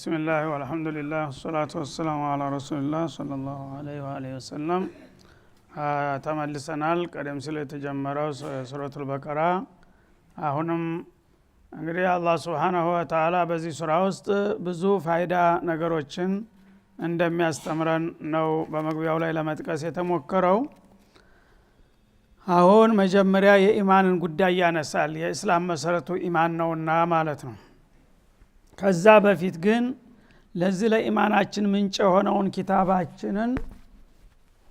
ቢስሚላህ ወልሐምዱሊላህ ወሰላቱ ወሰላሙ አላ ረሱሊላህ ሰለላሁ አለይሂ ወአሊሂ ወሰለም። ተመልሰናል። ቀደም ሲል የተጀመረው ሱረቱል በቀራ አሁንም እንግዲህ አላህ ሱብሓነሁ ወተዓላ በዚህ ስራ ውስጥ ብዙ ፋይዳ ነገሮችን እንደሚያስተምረን ነው በመግቢያው ላይ ለመጥቀስ የተሞከረው። አሁን መጀመሪያ የኢማንን ጉዳይ ያነሳል። የእስላም መሰረቱ ኢማን ነውና ማለት ነው ከዛ በፊት ግን ለዚህ ለኢማናችን ምንጭ የሆነውን ኪታባችንን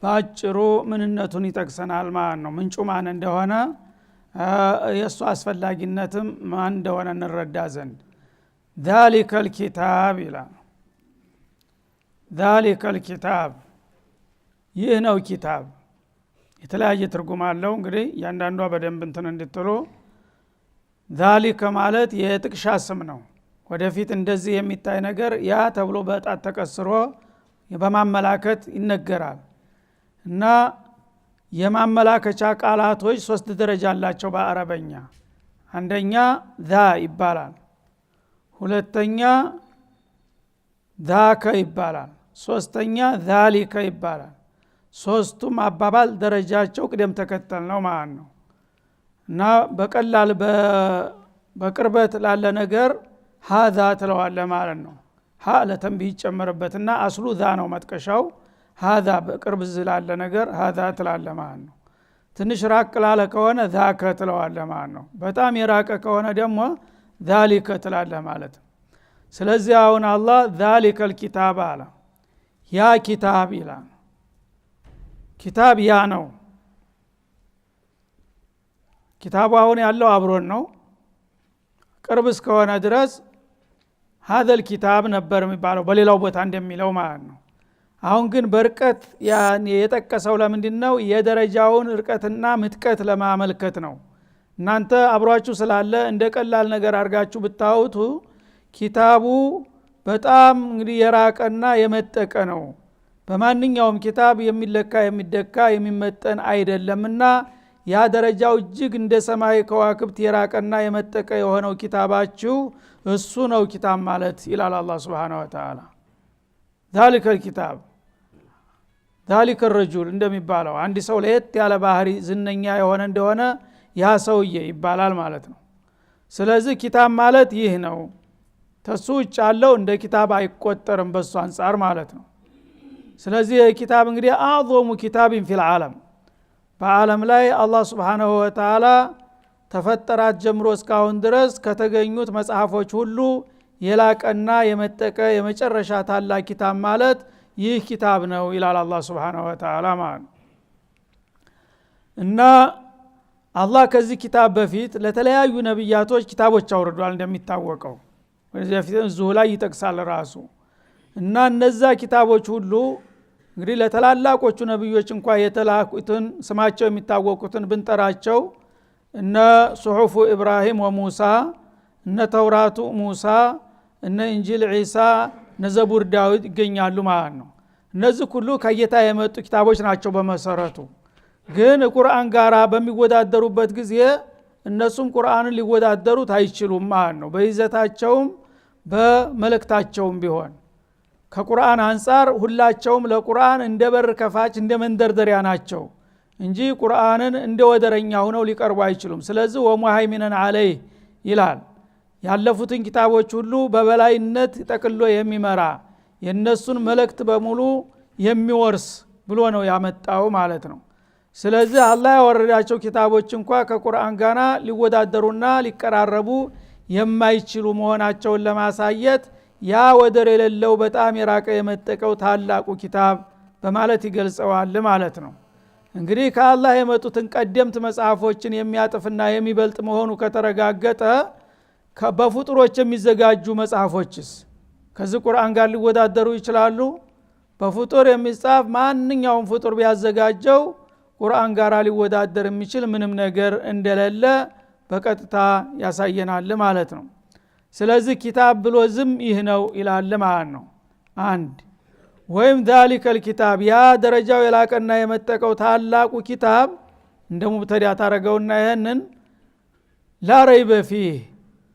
በአጭሩ ምንነቱን ይጠቅሰናል ማለት ነው። ምንጩ ማን እንደሆነ የእሱ አስፈላጊነትም ማን እንደሆነ እንረዳ ዘንድ ዛሊከ ልኪታብ ይላል። ዛሊከ ልኪታብ ይህ ነው ኪታብ። የተለያየ ትርጉም አለው። እንግዲህ እያንዳንዷ በደንብ እንትን እንድትሉ ዛሊከ ማለት የጥቅሻ ስም ነው። ወደፊት እንደዚህ የሚታይ ነገር ያ ተብሎ በጣት ተቀስሮ በማመላከት ይነገራል እና የማመላከቻ ቃላቶች ሶስት ደረጃ አላቸው በአረበኛ አንደኛ ዛ ይባላል ሁለተኛ ዛከ ይባላል ሶስተኛ ዛሊከ ይባላል ሶስቱም አባባል ደረጃቸው ቅደም ተከተል ነው ማለት ነው እና በቀላል በቅርበት ላለ ነገር ሀዛ ትለዋለ ማለት ነው። ሀ ለተንቢህ ይጨመርበትና አስሉ ዛ ነው መጥቀሻው። ሀዛ በቅርብ ዝላለ ነገር ሀዛ ትላለ ማለት ነው። ትንሽ ራቅ ላለ ከሆነ ዛከ ትለዋለ ማለት ነው። በጣም የራቀ ከሆነ ደግሞ ዛሊከ ትላለ ማለት ነው። ስለዚህ አሁን አላህ ዛሊከ ልኪታብ አለ። ያ ኪታብ ይላል። ኪታብ ያ ነው። ኪታቡ አሁን ያለው አብሮን ነው። ቅርብ እስከሆነ ድረስ ሀዘል ኪታብ ነበር የሚባለው በሌላው ቦታ እንደሚለው ማለት ነው አሁን ግን በርቀት የጠቀሰው ለምንድ ነው የደረጃውን ርቀትና ምጥቀት ለማመልከት ነው እናንተ አብሯችሁ ስላለ እንደ ቀላል ነገር አድርጋችሁ ብታውቱ ኪታቡ በጣም እንግዲህ የራቀና የመጠቀ ነው በማንኛውም ኪታብ የሚለካ የሚደካ የሚመጠን አይደለምና ያ ደረጃው እጅግ እንደ ሰማይ ከዋክብት የራቀና የመጠቀ የሆነው ኪታባችሁ እሱ ነው ኪታብ ማለት ይላል አላ ስብን ወተላ ዛሊከ ልኪታብ ዛሊከ ረጁል እንደሚባለው አንድ ሰው ለየት ያለ ባህሪ ዝነኛ የሆነ እንደሆነ ያ ሰውዬ ይባላል ማለት ነው ስለዚህ ኪታብ ማለት ይህ ነው ተሱ ውጭ አለው እንደ ኪታብ አይቆጠርም በሱ አንጻር ማለት ነው ስለዚህ ይህ ኪታብ እንግዲህ አዕظሙ ኪታብን ፊልዓለም በዓለም ላይ አላ ስብንሁ ወተላ ተፈጠራት ጀምሮ እስካሁን ድረስ ከተገኙት መጽሐፎች ሁሉ የላቀና የመጠቀ የመጨረሻ ታላቅ ኪታብ ማለት ይህ ኪታብ ነው ይላል አላ ስብን ወተላ ማለት ነው እና አላህ ከዚህ ኪታብ በፊት ለተለያዩ ነቢያቶች ኪታቦች አውርዷል እንደሚታወቀው ወዚያ ፊት እዙሁ ላይ ይጠቅሳል ራሱ እና እነዛ ኪታቦች ሁሉ እንግዲህ ለተላላቆቹ ነቢዮች እንኳ የተላኩትን ስማቸው የሚታወቁትን ብንጠራቸው እነ ሱሑፉ ኢብራሂም ወሙሳ እነ ተውራቱ ሙሳ እነ እንጂል ዒሳ እነ ዘቡር ዳዊት ይገኛሉ ማለት ነው እነዚህ ሁሉ ከጌታ የመጡ ኪታቦች ናቸው በመሰረቱ ግን ቁርአን ጋራ በሚወዳደሩበት ጊዜ እነሱም ቁርአንን ሊወዳደሩት አይችሉም ማለት ነው በይዘታቸውም በመልእክታቸውም ቢሆን ከቁርአን አንጻር ሁላቸውም ለቁርአን እንደ በር ከፋች እንደ መንደርደሪያ ናቸው እንጂ ቁርአንን እንደ ወደረኛ ሁነው ሊቀርቡ አይችሉም ስለዚህ ወሙሃይሚነን አለይ ይላል ያለፉትን ኪታቦች ሁሉ በበላይነት ጠቅሎ የሚመራ የእነሱን መልእክት በሙሉ የሚወርስ ብሎ ነው ያመጣው ማለት ነው ስለዚህ አላ ያወረዳቸው ኪታቦች እንኳ ከቁርአን ጋና ሊወዳደሩና ሊቀራረቡ የማይችሉ መሆናቸውን ለማሳየት ያ ወደር የሌለው በጣም የራቀ የመጠቀው ታላቁ ኪታብ በማለት ይገልጸዋል ማለት ነው እንግዲህ ከአላህ የመጡትን ቀደምት መጽሐፎችን የሚያጥፍና የሚበልጥ መሆኑ ከተረጋገጠ በፍጡሮች የሚዘጋጁ መጽሐፎችስ ከዚህ ቁርአን ጋር ሊወዳደሩ ይችላሉ? በፍጡር የሚጻፍ ማንኛውም ፍጡር ቢያዘጋጀው ቁርአን ጋር ሊወዳደር የሚችል ምንም ነገር እንደሌለ በቀጥታ ያሳየናል ማለት ነው። ስለዚህ ኪታብ ብሎ ዝም ይህ ነው ይላል ማለት ነው። አንድ ወይም ዛሊከ ኪታብ ያ ደረጃው የላቀና የመጠቀው ታላቁ ኪታብ እንደ ሙብተዳ ታረገውና ይህንን ላረይበ ፊህ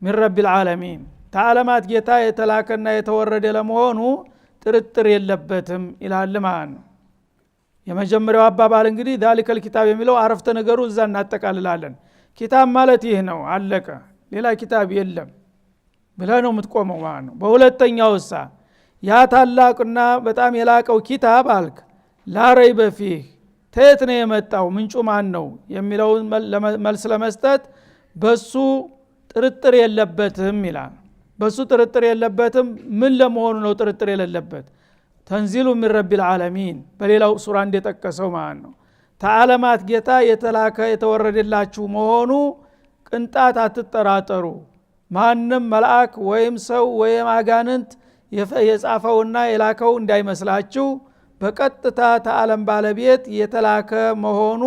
ሚን ረቢ ልዓለሚን ተዓለማት ጌታ የተላከና የተወረደ ለመሆኑ ጥርጥር የለበትም ይላል ማለት ነው የመጀመሪያው አባባል እንግዲህ ዛሊከ ኪታብ የሚለው አረፍተ ነገሩ እዛ እናጠቃልላለን ኪታብ ማለት ይህ ነው አለቀ ሌላ ኪታብ የለም ብለህ ነው የምትቆመው ማለት ነው በሁለተኛው እሳ ያ ታላቅና በጣም የላቀው ኪታብ አልክ ላረይ በፊህ ተየት ነው የመጣው ምንጩ ማን ነው የሚለውን መልስ ለመስጠት በሱ ጥርጥር የለበትም ይላል በሱ ጥርጥር የለበትም ምን ለመሆኑ ነው ጥርጥር የሌለበት ተንዚሉ ምን ረቢ ልዓለሚን በሌላው ሱራ እንደጠቀሰው ማለት ነው ተዓለማት ጌታ የተላከ የተወረደላችሁ መሆኑ ቅንጣት አትጠራጠሩ ማንም መልአክ ወይም ሰው ወይም አጋንንት የጻፈውና የላከው እንዳይመስላችሁ በቀጥታ ተዓለም ባለቤት የተላከ መሆኑ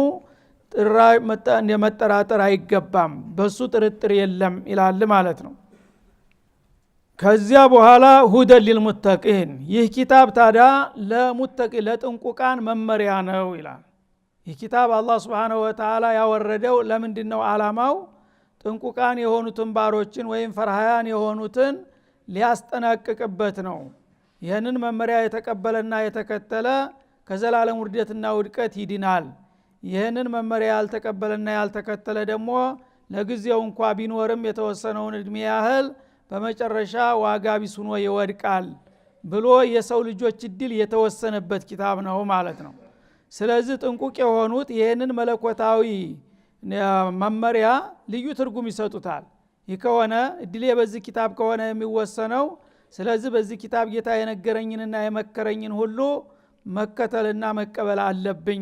መጠራጠር አይገባም በሱ ጥርጥር የለም ይላል ማለት ነው ከዚያ በኋላ ሁደን ሊልሙተቂን ይህ ኪታብ ታዳ ለሙተቂ ለጥንቁቃን መመሪያ ነው ይላል ይህ ኪታብ አላ ስብንሁ ወተላ ያወረደው ለምንድን ነው አላማው ጥንቁቃን የሆኑትን ባሮችን ወይም ፈርሃያን የሆኑትን ሊያስጠናቅቅበት ነው ይህንን መመሪያ የተቀበለና የተከተለ ከዘላለም ውርደትና ውድቀት ይድናል ይህንን መመሪያ ያልተቀበለና ያልተከተለ ደግሞ ለጊዜው እንኳ ቢኖርም የተወሰነውን እድሜ ያህል በመጨረሻ ዋጋ ቢሱኖ ይወድቃል ብሎ የሰው ልጆች እድል የተወሰነበት ኪታብ ነው ማለት ነው ስለዚህ ጥንቁቅ የሆኑት ይህንን መለኮታዊ መመሪያ ልዩ ትርጉም ይሰጡታል ይህ ከሆነ እድሌ በዚህ ኪታብ ከሆነ የሚወሰነው ስለዚህ በዚህ ኪታብ ጌታ የነገረኝንና የመከረኝን ሁሉ መከተልና መቀበል አለብኝ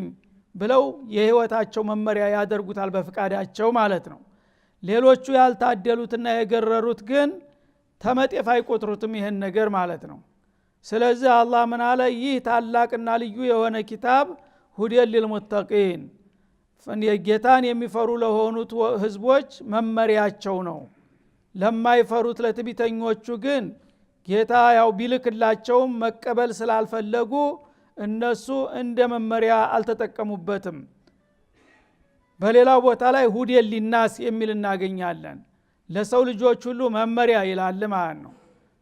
ብለው የህይወታቸው መመሪያ ያደርጉታል በፍቃዳቸው ማለት ነው ሌሎቹ ያልታደሉትና የገረሩት ግን ተመጤፍ አይቆጥሩትም ይህን ነገር ማለት ነው ስለዚህ አላህ ምን አለ ይህ ታላቅና ልዩ የሆነ ኪታብ ሁደን ሊልሙተቂን ጌታን የሚፈሩ ለሆኑት ህዝቦች መመሪያቸው ነው ለማይፈሩት ለትቢተኞቹ ግን ጌታ ያው ቢልክላቸውም መቀበል ስላልፈለጉ እነሱ እንደ መመሪያ አልተጠቀሙበትም በሌላ ቦታ ላይ ሁዴን ሊናስ የሚል እናገኛለን ለሰው ልጆች ሁሉ መመሪያ ይላል ማለት ነው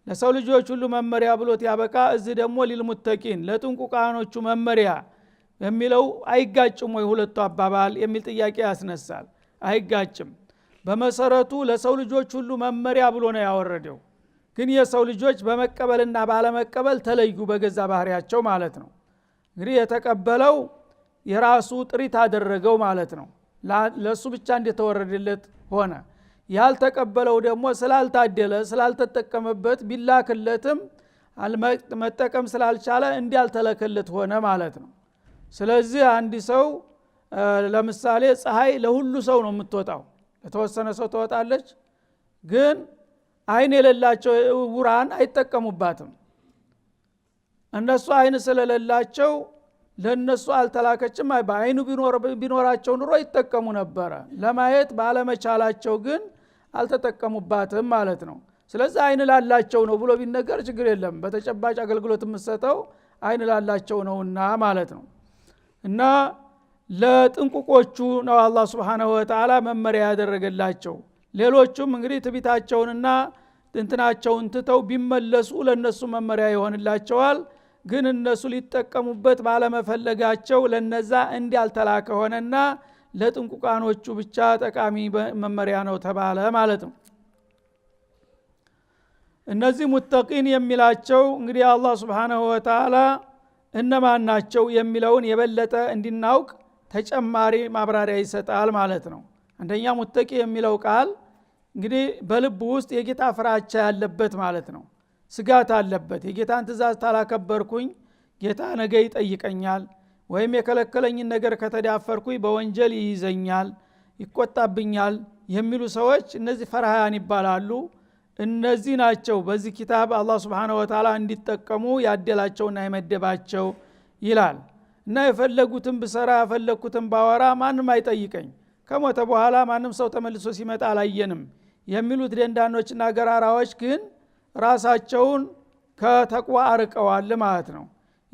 ለሰው ልጆች ሁሉ መመሪያ ብሎት ያበቃ እዚህ ደግሞ ሊልሙተቂን ለጥንቁቃኖቹ መመሪያ የሚለው አይጋጭም ወይ ሁለቱ አባባል የሚል ጥያቄ ያስነሳል አይጋጭም በመሰረቱ ለሰው ልጆች ሁሉ መመሪያ ብሎ ነው ያወረደው ግን የሰው ልጆች በመቀበልና ባለመቀበል ተለዩ በገዛ ባህሪያቸው ማለት ነው እንግዲህ የተቀበለው የራሱ ጥሪት አደረገው ማለት ነው ለእሱ ብቻ እንደተወረደለት ሆነ ያልተቀበለው ደግሞ ስላልታደለ ስላልተጠቀመበት ቢላክለትም መጠቀም ስላልቻለ እንዲያልተለከለት ሆነ ማለት ነው ስለዚህ አንድ ሰው ለምሳሌ ፀሐይ ለሁሉ ሰው ነው የምትወጣው ለተወሰነ ሰው ትወጣለች ግን አይን የሌላቸው ውራን አይጠቀሙባትም እነሱ አይን ስለሌላቸው ለእነሱ አልተላከችም በአይኑ ቢኖራቸው ኑሮ ይጠቀሙ ነበረ ለማየት ባለመቻላቸው ግን አልተጠቀሙባትም ማለት ነው ስለዚህ አይን ላላቸው ነው ብሎ ቢነገር ችግር የለም በተጨባጭ አገልግሎት የምሰጠው አይን ላላቸው ነውና ማለት ነው እና ለጥንቁቆቹ ነው አላህ ስብሓናሁ ወተላ መመሪያ ያደረገላቸው ሌሎቹም እንግዲህ ትቢታቸውንና ጥንትናቸውን ትተው ቢመለሱ ለነሱ መመሪያ ይሆንላቸዋል ግን እነሱ ሊጠቀሙበት ባለመፈለጋቸው ለነዛ እንዲያልተላከ ሆነና ለጥንቁቃኖቹ ብቻ ጠቃሚ መመሪያ ነው ተባለ ማለት ነው እነዚህ ሙተቂን የሚላቸው እንግዲህ አላህ ስብሓናሁ ወተላ እነማን ናቸው የሚለውን የበለጠ እንዲናውቅ ተጨማሪ ማብራሪያ ይሰጣል ማለት ነው አንደኛ ሙተቂ የሚለው ቃል እንግዲህ በልብ ውስጥ የጌታ ፍራቻ ያለበት ማለት ነው ስጋት አለበት የጌታን ትእዛዝ ታላከበርኩኝ ጌታ ነገ ይጠይቀኛል ወይም የከለከለኝን ነገር ከተዳፈርኩኝ በወንጀል ይይዘኛል ይቆጣብኛል የሚሉ ሰዎች እነዚህ ፈርሃያን ይባላሉ እነዚህ ናቸው በዚህ ኪታብ አላ ስብን ወተላ እንዲጠቀሙ ያደላቸውና የመደባቸው ይላል እና የፈለጉትን ብሰራ ያፈለግኩትን ባወራ ማንም አይጠይቀኝ ከሞተ በኋላ ማንም ሰው ተመልሶ ሲመጣ አላየንም የሚሉት ደንዳኖችና ገራራዎች ግን ራሳቸውን ከተቋ አርቀዋል ማለት ነው።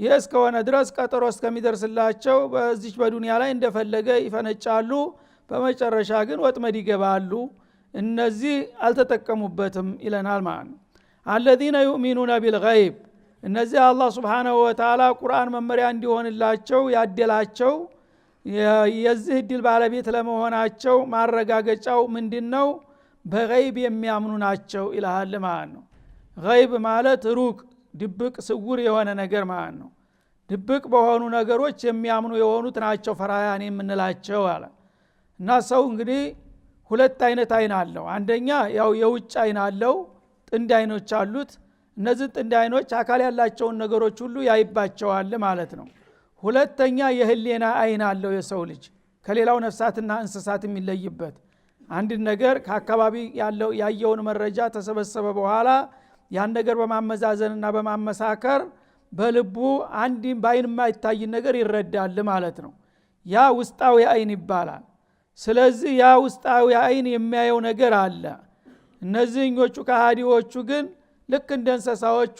ይህ እስከሆነ ድረስ ቀጠሮ እስከሚደርስላቸው በዚች በዱንያ ላይ እንደፈለገ ይፈነጫሉ። በመጨረሻ ግን ወጥመድ ይገባሉ። እነዚህ አልተጠቀሙበትም ይለናል ማለት ነው። አለዚነ ዩእሚኑነ ቢልይብ እነዚህ አላህ ስብሓናሁ ወተላ ቁርአን መመሪያ እንዲሆንላቸው ያደላቸው የዚህ እድል ባለቤት ለመሆናቸው ማረጋገጫው ምንድነው? ነው በይብ የሚያምኑ ናቸው ይልሃል ማለት ነው ይብ ማለት ሩቅ ድብቅ ስውር የሆነ ነገር ማለት ነው ድብቅ በሆኑ ነገሮች የሚያምኑ የሆኑት ናቸው ፈራያን የምንላቸው አለ እና ሰው እንግዲህ ሁለት አይነት አይን አለው አንደኛ ያው የውጭ አይን አለው ጥንድ አይኖች አሉት እነዚህ ጥንድ አይኖች አካል ያላቸውን ነገሮች ሁሉ ያይባቸዋል ማለት ነው ሁለተኛ የህሌና አይን አለው የሰው ልጅ ከሌላው ነፍሳትና እንስሳት የሚለይበት አንድ ነገር ከአካባቢ ያለው ያየውን መረጃ ተሰበሰበ በኋላ ያን ነገር በማመዛዘንና በማመሳከር በልቡ አንድ በአይን የማይታይ ነገር ይረዳል ማለት ነው ያ ውስጣዊ አይን ይባላል ስለዚህ ያ ውስጣዊ አይን የሚያየው ነገር አለ እነዚህኞቹ ከሃዲዎቹ ግን ልክ እንደ እንስሳዎቹ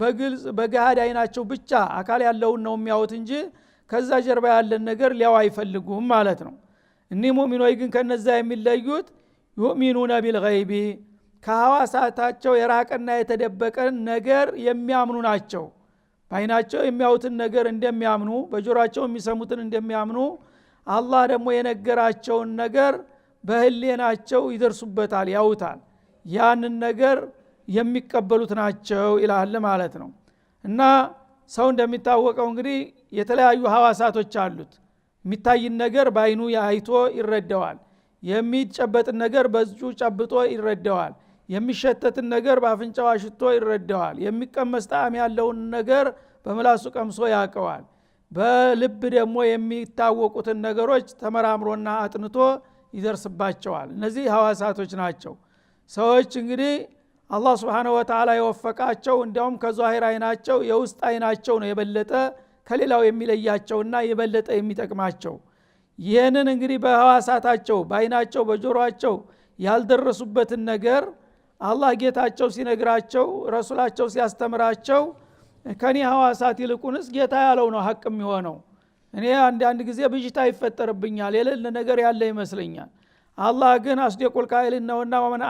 በግልጽ በገሃድ አይናቸው ብቻ አካል ያለውን ነው የሚያዩት እንጂ ከዛ ጀርባ ያለን ነገር ሊያው አይፈልጉም ማለት ነው። እኒህ ሙሚኖች ግን ከነዛ የሚለዩት ዩሚኑነ ቢልይቢ ከሐዋሳታቸው የራቀና የተደበቀን ነገር የሚያምኑ ናቸው። በአይናቸው የሚያዩትን ነገር እንደሚያምኑ፣ በጆሮቸው የሚሰሙትን እንደሚያምኑ አላህ ደግሞ የነገራቸውን ነገር በህሌናቸው ይደርሱበታል፣ ያውታል ያንን ነገር የሚቀበሉት ናቸው ይላል ማለት ነው እና ሰው እንደሚታወቀው እንግዲህ የተለያዩ ሀዋሳቶች አሉት የሚታይን ነገር በአይኑ አይቶ ይረዳዋል የሚጨበጥን ነገር በዙ ጨብጦ ይረዳዋል የሚሸተትን ነገር በአፍንጫው አሽቶ ይረዳዋል የሚቀመስ ጣዕም ያለውን ነገር በምላሱ ቀምሶ ያቀዋል በልብ ደግሞ የሚታወቁትን ነገሮች ተመራምሮና አጥንቶ ይደርስባቸዋል እነዚህ ሀዋሳቶች ናቸው ሰዎች እንግዲህ አላህ ስብሓነሁ ወተዓላ የወፈቃቸው እንዲያውም ከዛሂር አይናቸው የውስጥ አይናቸው ነው የበለጠ ከሌላው የሚለያቸውና የበለጠ የሚጠቅማቸው ይህንን እንግዲህ በህዋሳታቸው በአይናቸው በጆሮአቸው ያልደረሱበትን ነገር አላህ ጌታቸው ሲነግራቸው ረሱላቸው ሲያስተምራቸው ከኔ ሐዋሳት ይልቁንስ ጌታ ያለው ነው ሀቅ የሚሆነው እኔ አንዳንድ ጊዜ ብዥታ ይፈጠርብኛል የሌለ ነገር ያለ ይመስለኛል አላህ ግን አስደቁል ቃይልን ነውና ወመን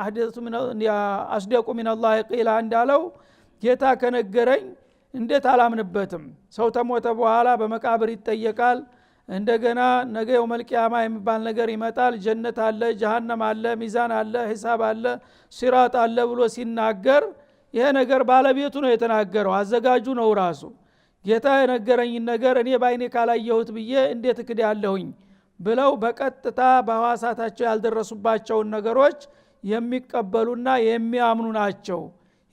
አስደቁ ሚንላህ ቂላ እንዳለው ጌታ ከነገረኝ እንዴት አላምንበትም ሰው ተሞተ በኋላ በመቃብር ይጠየቃል እንደገና ነገ የውመልቅያማ የሚባል ነገር ይመጣል ጀነት አለ ጀሃነም አለ ሚዛን አለ ሂሳብ አለ ሲራጥ አለ ብሎ ሲናገር ይሄ ነገር ባለቤቱ ነው የተናገረው አዘጋጁ ነው ራሱ ጌታ የነገረኝን ነገር እኔ በአይኔ ካላየሁት ብዬ እንዴት እክድ ያለሁኝ ብለው በቀጥታ በህዋሳታቸው ያልደረሱባቸውን ነገሮች የሚቀበሉና የሚያምኑ ናቸው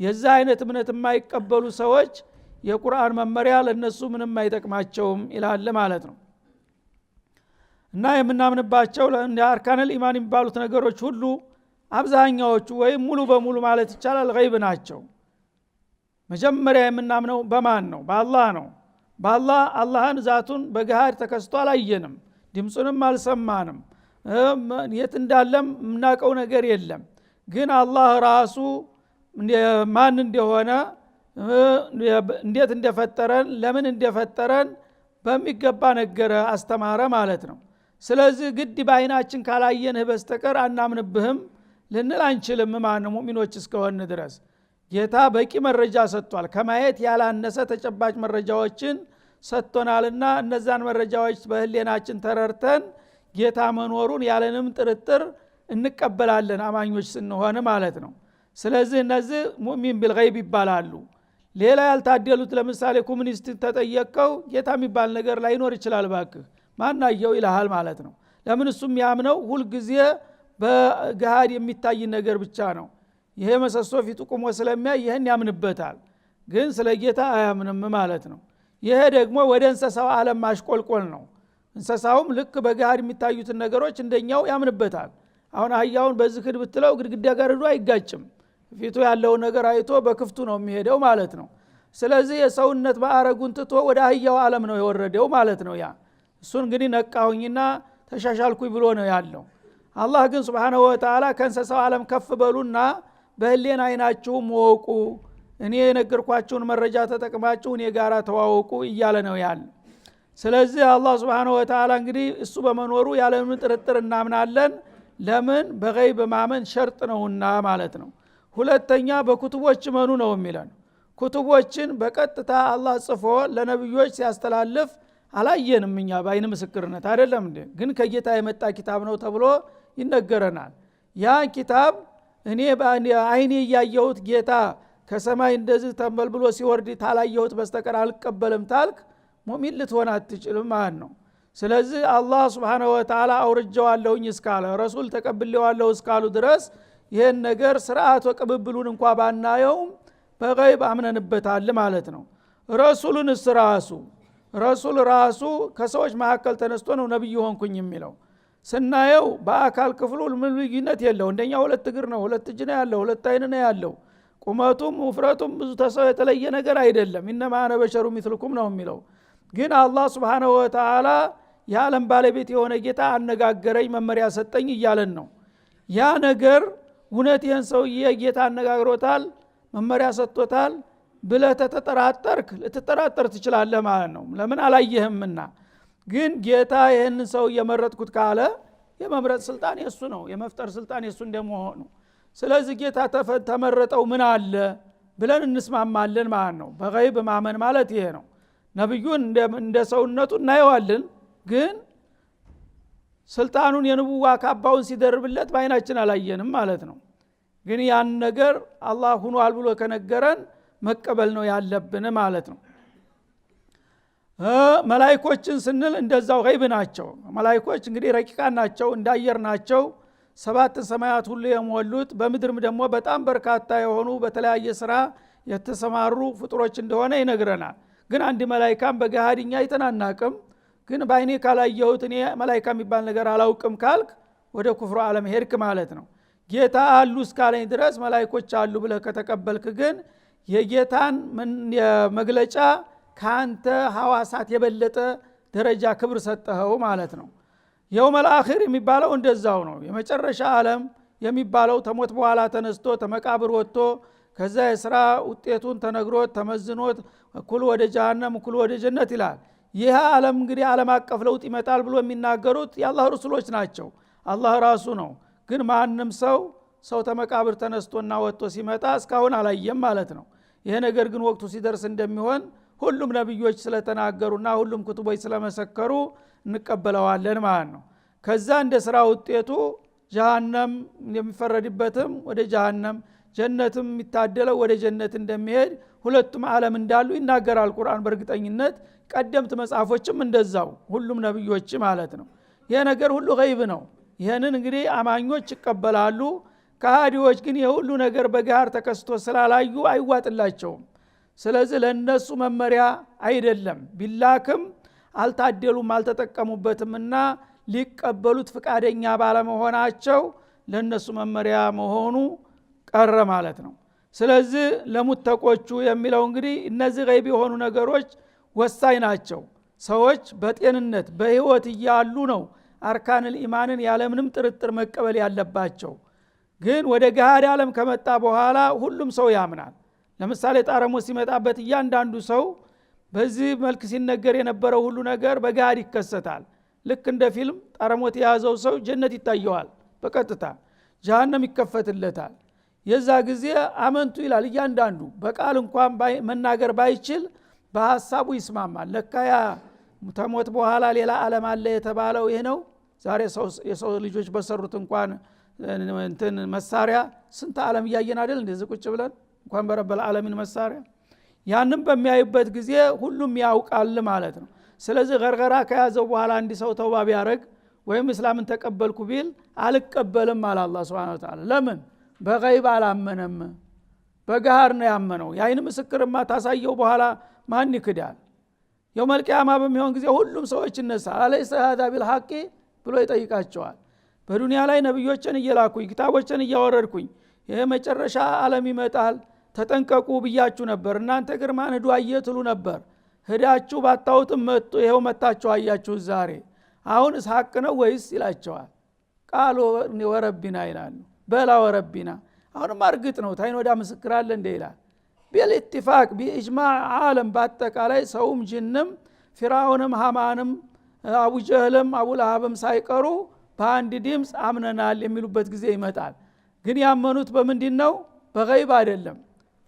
የዛ አይነት እምነት የማይቀበሉ ሰዎች የቁርአን መመሪያ ለነሱ ምንም አይጠቅማቸውም ይላል ማለት ነው እና የምናምንባቸው አርካነል ኢማን የሚባሉት ነገሮች ሁሉ አብዛኛዎቹ ወይም ሙሉ በሙሉ ማለት ይቻላል ይብ ናቸው መጀመሪያ የምናምነው በማን ነው በአላህ ነው በአላህ አላህን ዛቱን በገሃድ ተከስቶ አላየንም ድምፁንም አልሰማንም የት እንዳለም የምናውቀው ነገር የለም ግን አላህ ራሱ ማን እንደሆነ እንዴት እንደፈጠረን ለምን እንደፈጠረን በሚገባ ነገረ አስተማረ ማለት ነው ስለዚህ ግድ በአይናችን ካላየንህ በስተቀር አናምንብህም ልንል አንችልም ማን ሙሚኖች እስከሆን ድረስ ጌታ በቂ መረጃ ሰጥቷል ከማየት ያላነሰ ተጨባጭ መረጃዎችን ሰጥቶናልና እነዛን መረጃዎች በህሌናችን ተረርተን ጌታ መኖሩን ያለንም ጥርጥር እንቀበላለን አማኞች ስንሆን ማለት ነው ስለዚህ እነዚህ ሙእሚን ቢልይብ ይባላሉ ሌላ ያልታደሉት ለምሳሌ ኮሚኒስት ተጠየቀው ጌታ የሚባል ነገር ላይኖር ይችላል ባክህ ማናየው ይልሃል ማለት ነው ለምን እሱም ያምነው ሁልጊዜ በገሃድ የሚታይ ነገር ብቻ ነው ይሄ መሰሶ ፊቱ ቁሞ ስለሚያይ ይህን ያምንበታል ግን ስለ ጌታ አያምንም ማለት ነው ይሄ ደግሞ ወደ እንስሳው ዓለም ማሽቆልቆል ነው። እንሰሳውም ልክ በጋር የሚታዩትን ነገሮች እንደኛው ያምንበታል። አሁን አህያውን በዚህ ክድ ብትለው ግድግዳ ጋር ሂዶ አይጋጭም። ፊቱ ያለውን ነገር አይቶ በክፍቱ ነው የሚሄደው ማለት ነው። ስለዚህ የሰውነት ማዕረጉን ትቶ ወደ አህያው ዓለም ነው የወረደው ማለት ነው። ያ እሱን እንግዲህ ነቃሁኝና ተሻሻልኩኝ ብሎ ነው ያለው። አላህ ግን ሱብሓነሁ ወተላ ከእንስሳው ዓለም ከፍ በሉና በህሌን አይናችሁም ወቁ እኔ የነገርኳችሁን መረጃ ተጠቅማችሁ እኔ ጋር ተዋወቁ እያለ ነው ያል ስለዚህ አላህ ስብን ወተላ እንግዲህ እሱ በመኖሩ ያለምን ጥርጥር እናምናለን ለምን በገይ በማመን ሸርጥ ነውና ማለት ነው ሁለተኛ በኩትቦች መኑ ነው የሚለን ኩትቦችን በቀጥታ አላህ ጽፎ ለነቢዮች ሲያስተላልፍ አላየንም እኛ በአይን ምስክርነት አይደለም እንዴ ግን ከጌታ የመጣ ኪታብ ነው ተብሎ ይነገረናል ያ ኪታብ እኔ አይኔ እያየሁት ጌታ ከሰማይ እንደዚህ ተንበልብሎ ሲወርድ ታላየሁት በስተቀር አልቀበልም ታልክ ሙሚን ልትሆን አትችልም ማለት ነው ስለዚህ አላህ ስብንሁ ወተላ አውርጀዋለሁኝ እስካለ ረሱል ተቀብሌዋለሁ እስካሉ ድረስ ይህን ነገር ስርአት ወቅብብሉን እንኳ ባናየውም በቀይብ አምነንበታል ማለት ነው እስ ራሱ ረሱል ራሱ ከሰዎች መካከል ተነስቶ ነው ነቢይ ሆንኩኝ የሚለው ስናየው በአካል ክፍሉ ምን ልዩነት የለው እንደኛ ሁለት እግር ነው ሁለት እጅ ነው ያለው ሁለት አይን ነው ያለው ቁመቱም ውፍረቱም ብዙ ተሰው የተለየ ነገር አይደለም ኢነማ አነ በሸሩ ሚትልኩም ነው የሚለው ግን አላህ ስብንሁ ወተላ የዓለም ባለቤት የሆነ ጌታ አነጋገረኝ መመሪያ ሰጠኝ እያለን ነው ያ ነገር እውነት ይህን ሰውዬ ጌታ አነጋግሮታል መመሪያ ሰጥቶታል ብለ ተተጠራጠርክ ልትጠራጠር ትችላለህ ማለት ነው ለምን አላየህምና ግን ጌታ ይህን ሰው እየመረጥኩት ካለ የመምረጥ ስልጣን የእሱ ነው የመፍጠር ስልጣን የእሱ እንደመሆኑ ስለዚህ ጌታ ተመረጠው ምን አለ ብለን እንስማማለን ማለት ነው በይብ ማመን ማለት ይሄ ነው ነቢዩን እንደ ሰውነቱ እናየዋለን ግን ስልጣኑን የንቡዋ ካባውን ሲደርብለት በአይናችን አላየንም ማለት ነው ግን ያን ነገር አላህ ሁኗል ብሎ ከነገረን መቀበል ነው ያለብን ማለት ነው መላይኮችን ስንል እንደዛው ይብ ናቸው መላይኮች እንግዲህ ረቂቃን ናቸው እንዳየር ናቸው ሰባት ሰማያት ሁሉ የሞሉት በምድርም ደግሞ በጣም በርካታ የሆኑ በተለያየ ስራ የተሰማሩ ፍጡሮች እንደሆነ ይነግረናል። ግን አንድ መላይካም በገሃድኛ ይተናናቅም ግን በአይኔ ካላየሁት እኔ መላይካ የሚባል ነገር አላውቅም ካልክ ወደ ኩፍሮ አለም ሄድክ ማለት ነው። ጌታ አሉ እስካለኝ ድረስ መላይኮች አሉ ብለህ ከተቀበልክ ግን የጌታን መግለጫ ከአንተ ሐዋሳት የበለጠ ደረጃ ክብር ሰጠኸው ማለት ነው። የውመል አኺር የሚባለው እንደዛው ነው። የመጨረሻ ዓለም የሚባለው ተሞት በኋላ ተነስቶ ተመቃብር ወጥቶ ከዛ የስራ ውጤቱን ተነግሮት ተመዝኖት እኩል ወደ ጀሃነም እኩል ወደ ጀነት ይላል። ይህ ዓለም እንግዲህ ዓለም አቀፍ ለውጥ ይመጣል ብሎ የሚናገሩት የአላህ ርሱሎች ናቸው። አላህ ራሱ ነው። ግን ማንም ሰው ሰው ተመቃብር ተነስቶና ወጥቶ ሲመጣ እስካሁን አላየም ማለት ነው። ይሄ ነገር ግን ወቅቱ ሲደርስ እንደሚሆን ሁሉም ነቢዮች ስለተናገሩና ሁሉም ክቱቦች ስለመሰከሩ እንቀበለዋለን ማለት ነው ከዛ እንደ ስራ ውጤቱ ጃሃንም የሚፈረድበትም ወደ ጀሃነም ጀነትም የሚታደለው ወደ ጀነት እንደሚሄድ ሁለቱም ዓለም እንዳሉ ይናገራል ቁርአን በእርግጠኝነት ቀደምት መጽሐፎችም እንደዛው ሁሉም ነብዮች ማለት ነው ይሄ ነገር ሁሉ ይብ ነው ይህንን እንግዲህ አማኞች ይቀበላሉ ከሃዲዎች ግን የሁሉ ነገር በጋር ተከስቶ ስላላዩ አይዋጥላቸውም ስለዚህ ለእነሱ መመሪያ አይደለም ቢላክም አልታደሉም አልተጠቀሙበትምና ሊቀበሉት ፍቃደኛ ባለመሆናቸው ለእነሱ መመሪያ መሆኑ ቀረ ማለት ነው ስለዚህ ለሙተቆቹ የሚለው እንግዲህ እነዚህ ገይብ የሆኑ ነገሮች ወሳኝ ናቸው ሰዎች በጤንነት በህይወት እያሉ ነው አርካን ልኢማንን ያለምንም ጥርጥር መቀበል ያለባቸው ግን ወደ ገሃድ ዓለም ከመጣ በኋላ ሁሉም ሰው ያምናል ለምሳሌ ጣረሞ ሲመጣበት እያንዳንዱ ሰው በዚህ መልክ ሲነገር የነበረው ሁሉ ነገር በጋድ ይከሰታል ልክ እንደ ፊልም ጣረሞት የያዘው ሰው ጀነት ይታየዋል በቀጥታ ጀሃነም ይከፈትለታል የዛ ጊዜ አመንቱ ይላል እያንዳንዱ በቃል እንኳን መናገር ባይችል በሀሳቡ ይስማማል ለካ ያ ተሞት በኋላ ሌላ አለም አለ የተባለው ይህ ነው ዛሬ የሰው ልጆች በሰሩት እንኳን እንትን መሳሪያ ስንት አለም እያየን አይደል እንደዚህ ቁጭ ብለን እንኳን በረበል ዓለሚን መሳሪያ ያንም በሚያዩበት ጊዜ ሁሉም ያውቃል ማለት ነው ስለዚህ ገርገራ ከያዘው በኋላ አንድ ሰው ተውባ ቢያደረግ ወይም እስላምን ተቀበልኩ ቢል አልቀበልም አለ አላ ስብን ታላ ለምን በይብ አላመነም በገሃር ነው ያመነው የአይን ምስክርማ ታሳየው በኋላ ማን ይክዳል መልቅያማ በሚሆን ጊዜ ሁሉም ሰዎች ይነሳ አለይሰ ሀዛ ቢልሐቂ ብሎ ይጠይቃቸዋል በዱንያ ላይ ነቢዮችን እየላኩኝ ኪታቦችን እያወረድኩኝ ይህ መጨረሻ አለም ይመጣል ተጠንቀቁ ብያችሁ ነበር እናንተ ግርማን ህዱ አየ ትሉ ነበር ህዳችሁ ባታውትም መጡ ይኸው መታችሁ አያችሁ ዛሬ አሁን እስሐቅ ነው ወይስ ይላቸዋል ቃል ወረቢና ይላሉ በላ ወረቢና አሁንም እርግጥ ነው ታይን ወዳ ምስክር አለ እንደ ይላል ቢልኢትፋቅ ቢእጅማዕ አለም በአጠቃላይ ሰውም ጅንም ፊራውንም ሀማንም አቡጀህልም አቡልሃብም ሳይቀሩ በአንድ ድምፅ አምነናል የሚሉበት ጊዜ ይመጣል ግን ያመኑት በምንድን ነው በይብ አይደለም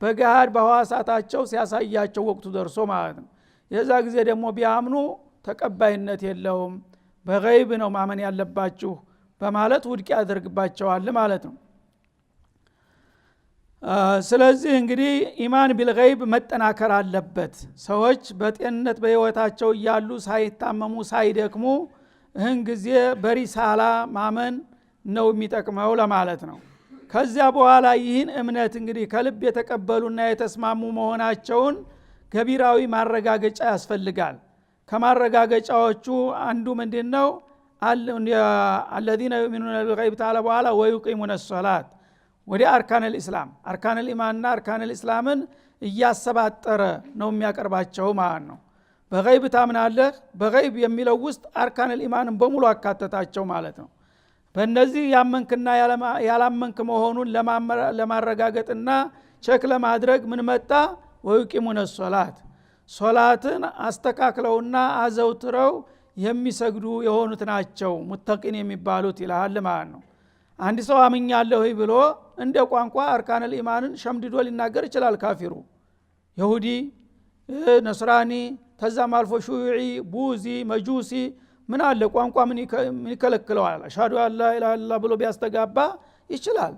በገሃድ በህዋሳታቸው ሲያሳያቸው ወቅቱ ደርሶ ማለት ነው የዛ ጊዜ ደግሞ ቢያምኑ ተቀባይነት የለውም በይብ ነው ማመን ያለባችሁ በማለት ውድቅ ያደርግባቸዋል ማለት ነው ስለዚህ እንግዲህ ኢማን ቢልይብ መጠናከር አለበት ሰዎች በጤንነት በህይወታቸው እያሉ ሳይታመሙ ሳይደክሙ እህን ጊዜ በሪሳላ ማመን ነው የሚጠቅመው ለማለት ነው ከዚያ በኋላ ይህን እምነት እንግዲህ ከልብ የተቀበሉና የተስማሙ መሆናቸውን ገቢራዊ ማረጋገጫ ያስፈልጋል ከማረጋገጫዎቹ አንዱ ምንድ ነው አለዚነ ዩሚኑነ ቢልገይብ ታለ በኋላ ወዩቂሙነ ሶላት ወደ አርካን ልእስላም አርካን ልኢማንና አርካን ልእስላምን እያሰባጠረ ነው የሚያቀርባቸው ማለት ነው በይብ ታምናለህ በይብ የሚለው ውስጥ አርካን ልኢማንን በሙሉ አካተታቸው ማለት ነው በእነዚህ ያመንክና ያላመንክ መሆኑን ለማረጋገጥና ቸክ ለማድረግ ምን መጣ ወዩቂሙነ ሶላት ሶላትን አስተካክለውና አዘውትረው የሚሰግዱ የሆኑት ናቸው ሙተቂን የሚባሉት ይልሃል ማለት ነው አንድ ሰው አምኛለሁ ብሎ እንደ ቋንቋ አርካን ልኢማንን ሸምድዶ ሊናገር ይችላል ካፊሩ የሁዲ ነስራኒ ተዛም አልፎ ሹዒ ቡዚ መጁሲ ምን አለ ቋንቋ ምን ይከለክለዋል አሻዱ አላ ኢላላ ብሎ ቢያስተጋባ ይችላል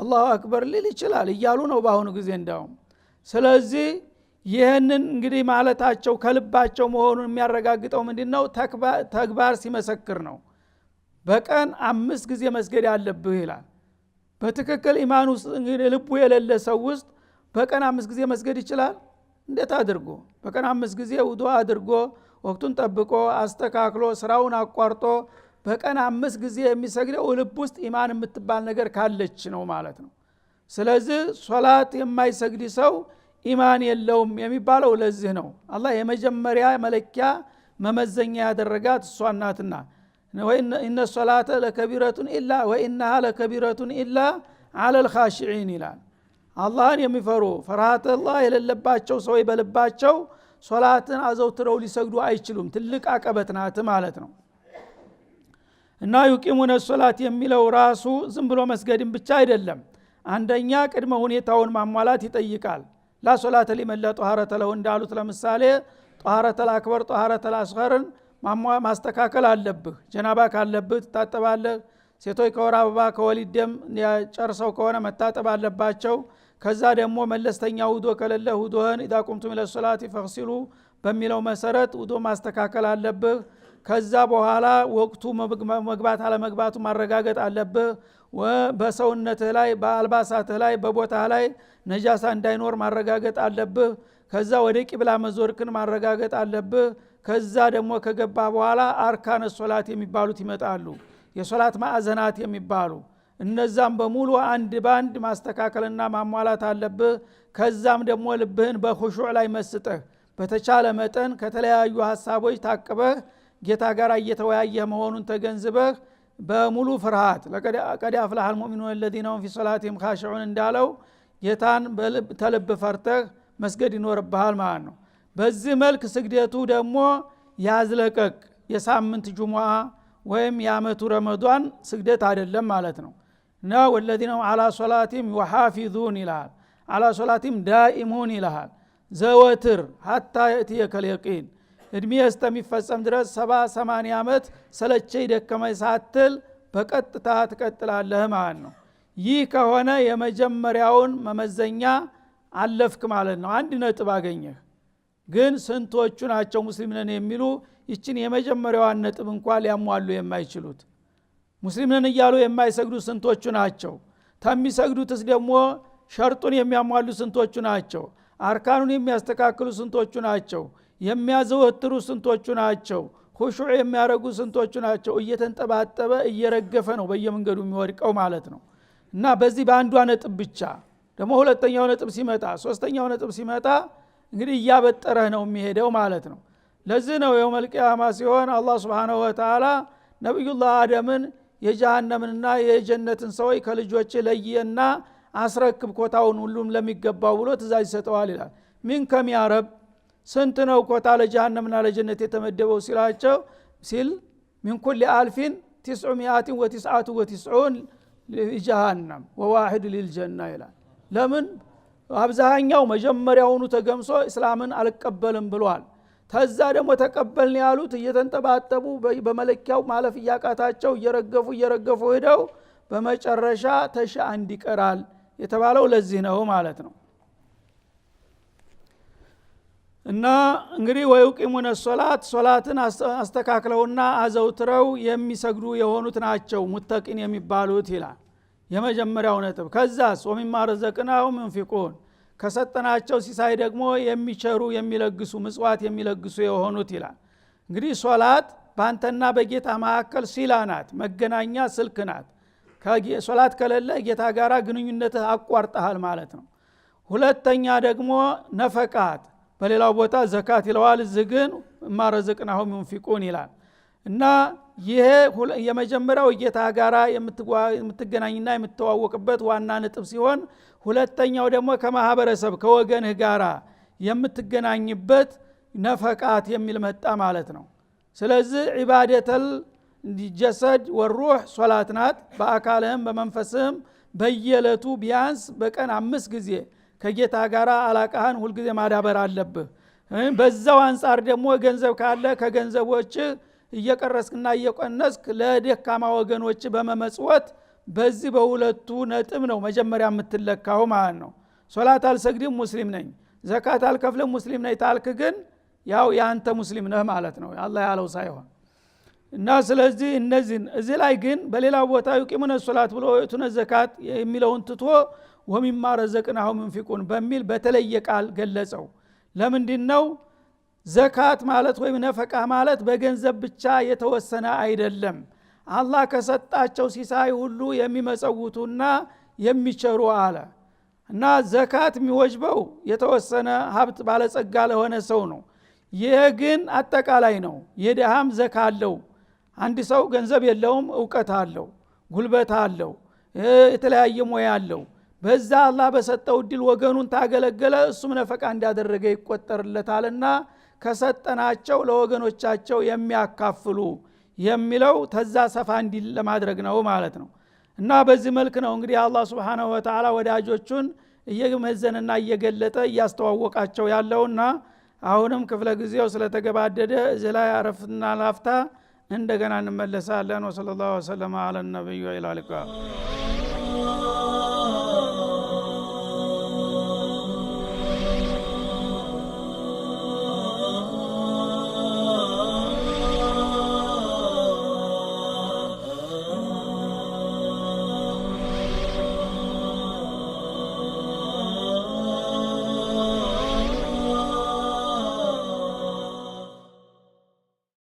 አላሁ አክበር ሊል ይችላል እያሉ ነው በአሁኑ ጊዜ እንዳውም ስለዚህ ይህንን እንግዲህ ማለታቸው ከልባቸው መሆኑን የሚያረጋግጠው ምንድነው ነው ተግባር ሲመሰክር ነው በቀን አምስት ጊዜ መስገድ ያለብህ ይላል በትክክል ኢማን ውስጥ ልቡ የሌለ ሰው ውስጥ በቀን አምስት ጊዜ መስገድ ይችላል እንዴት አድርጎ በቀን አምስት ጊዜ ውዶ አድርጎ ወቅቱን ጠብቆ አስተካክሎ ስራውን አቋርጦ በቀን አምስት ጊዜ የሚሰግደው ልብ ውስጥ ኢማን የምትባል ነገር ካለች ነው ማለት ነው ስለዚህ ሶላት የማይሰግድ ሰው ኢማን የለውም የሚባለው ለዚህ ነው አላህ የመጀመሪያ መለኪያ መመዘኛ ያደረጋት እሷ ናትና እነ ሶላተ ለከቢረቱን ኢላ ወኢናሃ ለከቢረቱን ኢላ ልካሽዒን ይላል አላህን የሚፈሩ ፍርሃት አላህ የሌለባቸው ሰዎች በልባቸው ሶላትን አዘውትረው ሊሰግዱ አይችሉም ትልቅ አቀበት ናት ማለት ነው እና ዩቂሙነ ሶላት የሚለው ራሱ ዝም ብሎ መስገድን ብቻ አይደለም አንደኛ ቅድመ ሁኔታውን ማሟላት ይጠይቃል ላ ሊመለ ጠኋረተ ለሁ እንዳሉት ለምሳሌ ጠኋረተ ላአክበር ጠኋረተ ላአስኸርን ማስተካከል አለብህ ጀናባ ካለብህ ትታጠባለህ ሴቶች ከወር አበባ ከወሊድ ደም ጨርሰው ከሆነ መታጠብ አለባቸው ከዛ ደግሞ መለስተኛ ውዶ ከሌለ ውዶህን ኢዛ ቁምቱም ለሶላት ፈቅሲሉ በሚለው መሰረት ውዶ ማስተካከል አለብህ ከዛ በኋላ ወቅቱ መግባት አለመግባቱ ማረጋገጥ አለብህ በሰውነትህ ላይ በአልባሳትህ ላይ በቦታ ላይ ነጃሳ እንዳይኖር ማረጋገጥ አለብህ ከዛ ወደ ቂብላ መዞርክን ማረጋገጥ አለብህ ከዛ ደግሞ ከገባ በኋላ አርካነ ሶላት የሚባሉት ይመጣሉ የሶላት ማዕዘናት የሚባሉ እነዛም በሙሉ አንድ ባንድ ማስተካከልና ማሟላት አለብህ ከዛም ደግሞ ልብህን በኹሹዕ ላይ መስጠህ በተቻለ መጠን ከተለያዩ ሀሳቦች ታቅበህ ጌታ ጋር እየተወያየህ መሆኑን ተገንዝበህ በሙሉ ፍርሃት ቀድ አፍላሃል ሙእሚኑን ለዚነ ሁም ፊ ሰላትህም ካሽዑን እንዳለው ጌታን ተልብ ፈርተህ መስገድ ይኖርብሃል ማለት ነው በዚህ መልክ ስግደቱ ደግሞ ያዝለቀቅ የሳምንት ጁሙዓ ወይም የአመቱ ረመዷን ስግደት አይደለም ማለት ነው ነው ወለዚነ አላ ሶላቲም ዩሓፊዙን ይልሃል አላ ሶላቲም ዳኢሙን ይልሃል ዘወትር ሀታ የእትየከል የቂን እድሜ እስተሚፈጸም ድረስ ሰባ ሰማንያ ዓመት ሰለቸኝ ደከመ ሳትል በቀጥታ ትቀጥላለህ ማለት ነው ይህ ከሆነ የመጀመሪያውን መመዘኛ አለፍክ ማለት ነው አንድ ነጥብ አገኘህ ግን ስንቶቹ ናቸው ሙስሊምነን የሚሉ ይችን የመጀመሪያዋን ነጥብ እንኳ ሊያሟሉ የማይችሉት ነን እያሉ የማይሰግዱ ስንቶቹ ናቸው ተሚሰግዱትስ ደግሞ ሸርጡን የሚያሟሉ ስንቶቹ ናቸው አርካኑን የሚያስተካክሉ ስንቶቹ ናቸው የሚያዘወትሩ ስንቶቹ ናቸው ሁሹዕ የሚያደረጉ ስንቶቹ ናቸው እየተንጠባጠበ እየረገፈ ነው በየመንገዱ የሚወድቀው ማለት ነው እና በዚህ በአንዷ ነጥብ ብቻ ደግሞ ሁለተኛው ነጥብ ሲመጣ ሶስተኛው ነጥብ ሲመጣ እንግዲህ እያበጠረህ ነው የሚሄደው ማለት ነው ለዚህ ነው የውመልቅያማ ሲሆን አላ ስብንሁ ወተላ ነቢዩላህ አደምን የጀሃነምንና የጀነትን ሰዎች ከልጆች ለየና አስረክብ ኮታውን ሁሉም ለሚገባው ብሎ ትእዛዝ ይሰጠዋል ይላል ሚን ከሚያረብ ስንት ነው ኮታ ለጀሃነምና ለጀነት የተመደበው ሲላቸው ሲል ሚን ኩል አልፊን ቲስዑ ሚአትን ወቲስዓቱ ወቲስዑን ጀሃነም ወዋሕድ ሊልጀና ይላል ለምን አብዛኛው መጀመሪያውኑ ተገምሶ እስላምን አልቀበልም ብሏል ተዛ ደግሞ ተቀበልን ያሉት እየተንጠባጠቡ በመለኪያው ማለፍ እያቃታቸው እየረገፉ እየረገፉ ሄደው በመጨረሻ ተሻ እንዲቀራል የተባለው ለዚህ ነው ማለት ነው እና እንግዲህ ወዩቂሙነ ሶላት ሶላትን አስተካክለውና አዘውትረው የሚሰግዱ የሆኑት ናቸው ሙተቂን የሚባሉት ይላል የመጀመሪያው ነጥብ ከዛስ ወሚማረዘቅናው ምንፊቁን ከሰጠናቸው ሲሳይ ደግሞ የሚቸሩ የሚለግሱ ምጽዋት የሚለግሱ የሆኑት ይላል እንግዲህ ሶላት በአንተና በጌታ መካከል ሲላ ናት መገናኛ ስልክ ናት ሶላት ከሌለ ጌታ ጋር ግንኙነትህ አቋርጠሃል ማለት ነው ሁለተኛ ደግሞ ነፈቃት በሌላው ቦታ ዘካት ይለዋል እዚህ ግን እማረዘቅናሁም ዩንፊቁን ይላል እና ይሄ የመጀመሪያው ጌታ ጋራ የምትገናኝና የምትተዋወቅበት ዋና ንጥብ ሲሆን ሁለተኛው ደግሞ ከማህበረሰብ ከወገንህ ጋራ የምትገናኝበት ነፈቃት የሚል መጣ ማለት ነው ስለዚህ ዒባደተል ጀሰድ ወሩህ ሶላት ናት በአካልህም በመንፈስህም በየለቱ ቢያንስ በቀን አምስት ጊዜ ከጌታ ጋር አላቃህን ሁልጊዜ ማዳበር አለብህ በዛው አንጻር ደግሞ ገንዘብ ካለ ከገንዘቦችህ እየቀረስክና እየቀነስክ ለደካማ ወገኖች በመመጽወት በዚህ በሁለቱ ነጥብ ነው መጀመሪያ የምትለካው ማለት ነው። ሶላት አልሰግድም ሙስሊም ነኝ፣ ዘካት አልከፍልም ሙስሊም ነኝ ታልክ ግን ያው የአንተ ሙስሊም ነህ ማለት ነው፣ አላ ያለው ሳይሆን እና ስለዚህ እነዚህን እዚህ ላይ ግን በሌላ ቦታ ዩቂሙነ ሶላት ብሎ ቱነ ዘካት የሚለውን ትቶ ወሚማ ረዘቅናሁም ዩንፊቁን በሚል በተለየ ቃል ገለጸው። ለምንድን ነው ዘካት ማለት ወይም ነፈቃ ማለት በገንዘብ ብቻ የተወሰነ አይደለም። አላህ ከሰጣቸው ሲሳይ ሁሉ የሚመጸውቱና የሚቸሩ አለ እና ዘካት የሚወጅበው የተወሰነ ሀብት ባለጸጋ ለሆነ ሰው ነው። ይህ ግን አጠቃላይ ነው። የድሃም ዘካ አለው። አንድ ሰው ገንዘብ የለውም፣ እውቀት አለው፣ ጉልበት አለው፣ የተለያየ ሙያ አለው። በዛ አላህ በሰጠው እድል ወገኑን ታገለገለ፣ እሱም ነፈቃ እንዳደረገ ይቆጠርለታልና ከሰጠናቸው ለወገኖቻቸው የሚያካፍሉ የሚለው ተዛ ሰፋ እንዲል ለማድረግ ነው ማለት ነው እና በዚህ መልክ ነው እንግዲህ አላ ስብን ወተላ ወዳጆቹን እየመዘንና እየገለጠ እያስተዋወቃቸው ያለውና አሁንም ክፍለ ጊዜው ስለተገባደደ እዚህ ላይ አረፍና ላፍታ እንደገና እንመለሳለን ወሰለ ላሁ ወሰለማ አለነቢዩ ነቢዩ